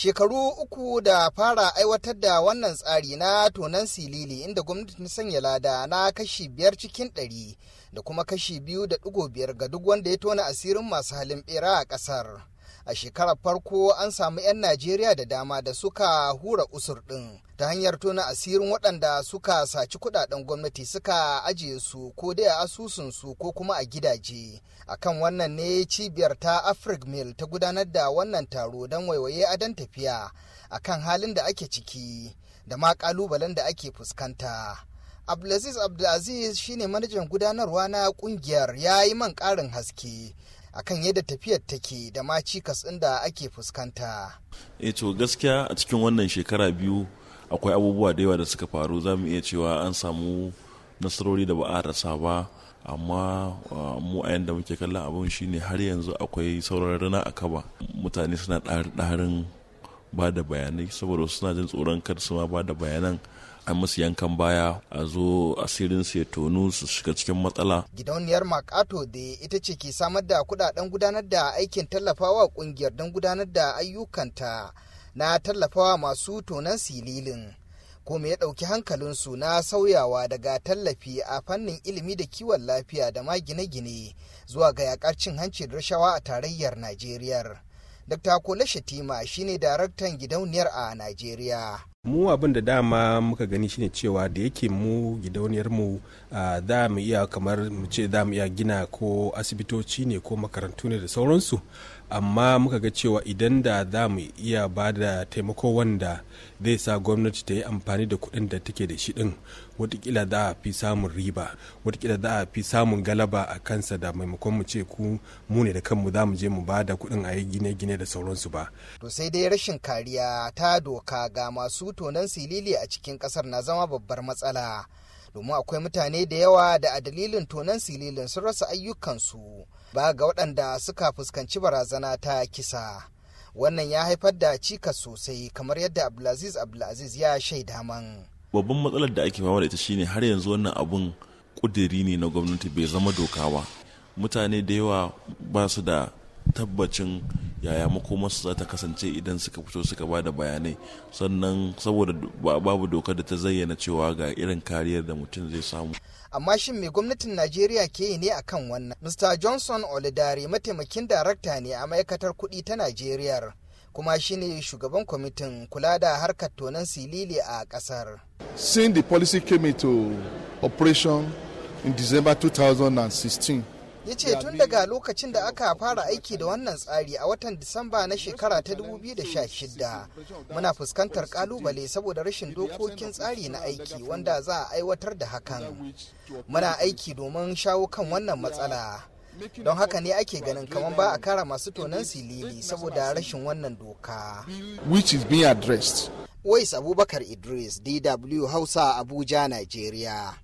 shekaru uku da fara aiwatar da wannan tsari na tonan silili inda gwamnati na sanya lada na kashi biyar cikin ɗari da kuma kashi biyu da ɗigo biyar ga duk wanda ya tona asirin masu halin bera a ƙasar. a shekarar farko an samu 'yan najeriya da dama da suka hura usur ɗin ta hanyar tona asirin waɗanda suka saci kudaden gwamnati suka ajiye su ko dai a asusunsu ko kuma a gidaje akan wannan ne cibiyar ta afrik mill ta gudanar da wannan taro don waiwaye adon tafiya akan halin da ake ciki da ma kalubalen da ake fuskanta abdulaziz abdulaziz shine manajan gudanarwa na kungiyar ya yi man ƙarin haske akan yadda tafiyar take da ma cikas inda ake fuskanta. E to gaskiya a cikin wannan shekara biyu akwai abubuwa da yawa da suka faru za mu iya cewa an samu nasarori da ba a rasa ba amma mu a yadda muke kallon abin shine har yanzu akwai sauran rana a kaba mutane suna ɗarin ba da bayanai saboda suna jin tsoron kar su ma ba da bayanan a musu yankan baya a zo asirin su ya tonu su shiga cikin matsala. Gidauniyar Makato da ita ce ke samar da kudaden gudanar da aikin tallafawa kungiyar don gudanar da ayyukanta na tallafawa masu tonan sililin. Kuma ya ɗauki hankalinsu na sauyawa daga tallafi a fannin ilimi da kiwon lafiya da ma gine-gine zuwa ga yakar cin hanci da rashawa a tarayyar Najeriya. Dr. Kola Shatima shine daraktan gidauniyar a Najeriya. mu abin da dama muka gani shine cewa da yake mu gidauniyarmu za mu iya kamar mu ce za mu iya gina ko asibitoci ne ko makarantu ne da sauransu amma muka ga cewa idan da za mu iya ba da taimako wanda zai sa gwamnati ta yi amfani da kuɗin da take da shi ɗin watakila za a fi samun riba watakila za a fi samun galaba a kansa da maimakon mu ce ku mu ne da kanmu za mu je mu ba da kuɗin a yi gine-gine da sauransu ba. to sai dai rashin kariya ta doka ga masu masu tonon silili a cikin kasar na zama babbar matsala domin akwai mutane da yawa da a dalilin tonon sililin sun rasa ayyukansu ba ga waɗanda suka fuskanci barazana ta kisa wannan ya haifar da cikas sosai kamar yadda abdulaziz abdulaziz ya shaida man babban matsalar da ake fama da ita shine har yanzu wannan abun kudiri ne na gwamnati bai zama doka ba mutane da yawa ba su da tabbacin yaya makomarsu za ta kasance idan suka fito suka ba da bayanai sannan saboda babu dokar da ta zayyana cewa ga irin kariyar da mutum zai samu amma shin mai gwamnatin najeriya ke yi ne akan wannan mr johnson olidare mataimakin darakta ne a ma'aikatar kuɗi ta najeriya kuma shine shugaban kwamitin kula da harkar tonon silili a ƙasar since the policy came into operation in december 2016 ya ce tun daga lokacin da aka fara aiki da wannan tsari a watan disamba na shekara ta 2016 muna fuskantar kalubale saboda rashin dokokin tsari na aiki wanda za a aiwatar da hakan muna aiki domin shawo kan wannan matsala don haka ne ake ganin kamar ba a kara masu tonan silili saboda rashin wannan doka which is being Wais Abubakar Idris, DW Hausa, Abuja, Nigeria.